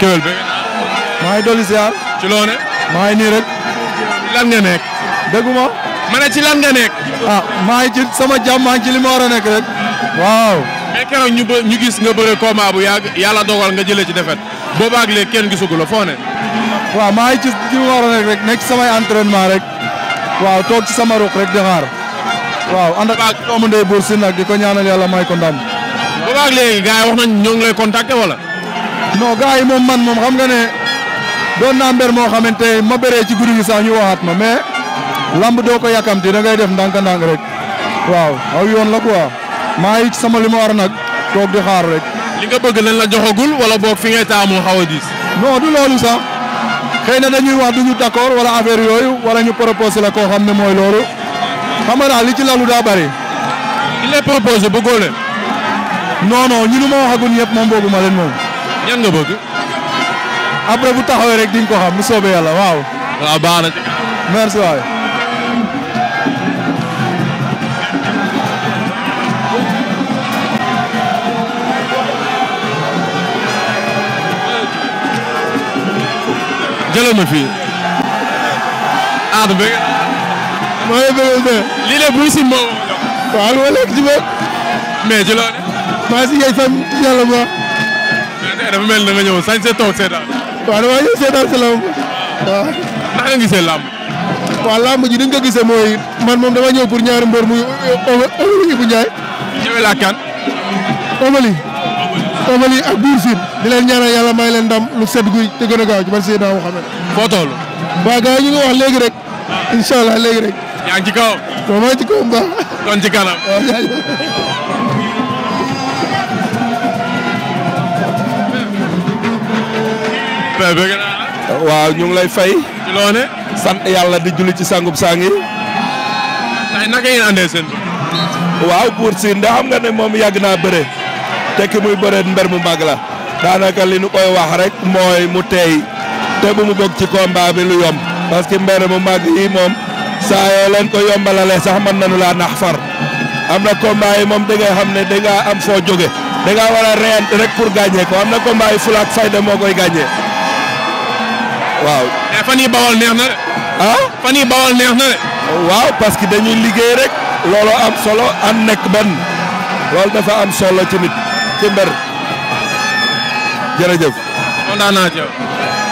Kewel bëgg naa. maa ngi dolli ziar. ci loo ne. maa ngi nii rek. nga nekk. dégguma. ma ne ci lan nga nekk. ah maa ngi ci sama jàmm maa ngi ci li ma war a nekk rek. waaw. mais keroog ñu ñu gis nga bëre combat bu yàgg yàlla dogal nga jëlee ci défaite boobaag léegi kenn gisagu la foo ne. waaw maa ci li ma war a nekk rek nekk ci samay rek. waaw toog ci sama ruq rek di xaar. waaw ànd ak doomu ndey buur si nag di ko ñaanal yàlla may ko ndam. boobaag léegi gars wax nañ ñoo ngi lay non gars yi moom man moom xam nga ne doon naa mbër moo xamante ma bëree ci guddi gi sax ñu waxaat ma mais lamb doo ko yàkkamti da ngay def ndànk-ndànk rek waaw aw yoon la quoi maa ngi sama li ma nag toog di xaar rek. li nga bëgg lañ la joxagul wala boog fi ngay taamu xaw diis. non du loolu sax xëy na dañuy wax du ñu d'accord wala affaire yooyu wala ñu proposé la koo xam ne mooy loolu xam nga daal li ci lalu daa bari. il est proposé bëggoo leen. non non ñi nu ma waxagul ñëpp moom boobu ma leen moom. ñan nga bëgg. après bu taxawee rek di nga ko xam mu soobee yàlla waaw. waaw baax na ci. merci waay. jëloon na fii. ah du bëgg. maa ngi bëgg de. lii de buy si moom. waaw lu ma lekk ci bopp. mais jëloon. maa si yegg fan yàlla bu dafa mel na nga ñëw sañ see toog seetaan. waaw damaa ñëw seetaan si lamb. waaw nga gisee ji ni ko gisee mooy man moom dama ñëw pour ñaari mbër muy Omali Ibou Ndiaye. ñëwee laa ak Buur Sine. di leen ñaanal yàlla may guy te gën gaaw ci man Seydina Mouhamed. foo toll. waaw gars yi ñu ngi wax léegi rek. Ah. incha allah léegi rek. yaa père bëgg naa waaw ñu lay fay. ci loone sant yàlla di julli ci sangub sang yi. tey naka waaw buur si ndax xam nga ne moom yàgg naa bëre. te ki muy bëre mber mu mag la. daanaka li nu koy wax rek mooy mu teey te bu mu bokk ci combat bi lu yomb. parce mber mu mag yi moom. saa leen ko yombalalee sax mën nañu laa nax far. am na combat yi moom da xam ne da ngaa am foo jóge da ngaa a reyante rek pour gagner ko am na combat fulaak fayda moo koy gagner waaw mais eh, fan yii bawal ah? neex na de. waaw parce que dañuy liggéey rek. looloo am solo an nekk benn. loolu dafa am solo ci nit ci mbër jërëjëf. kontaan naa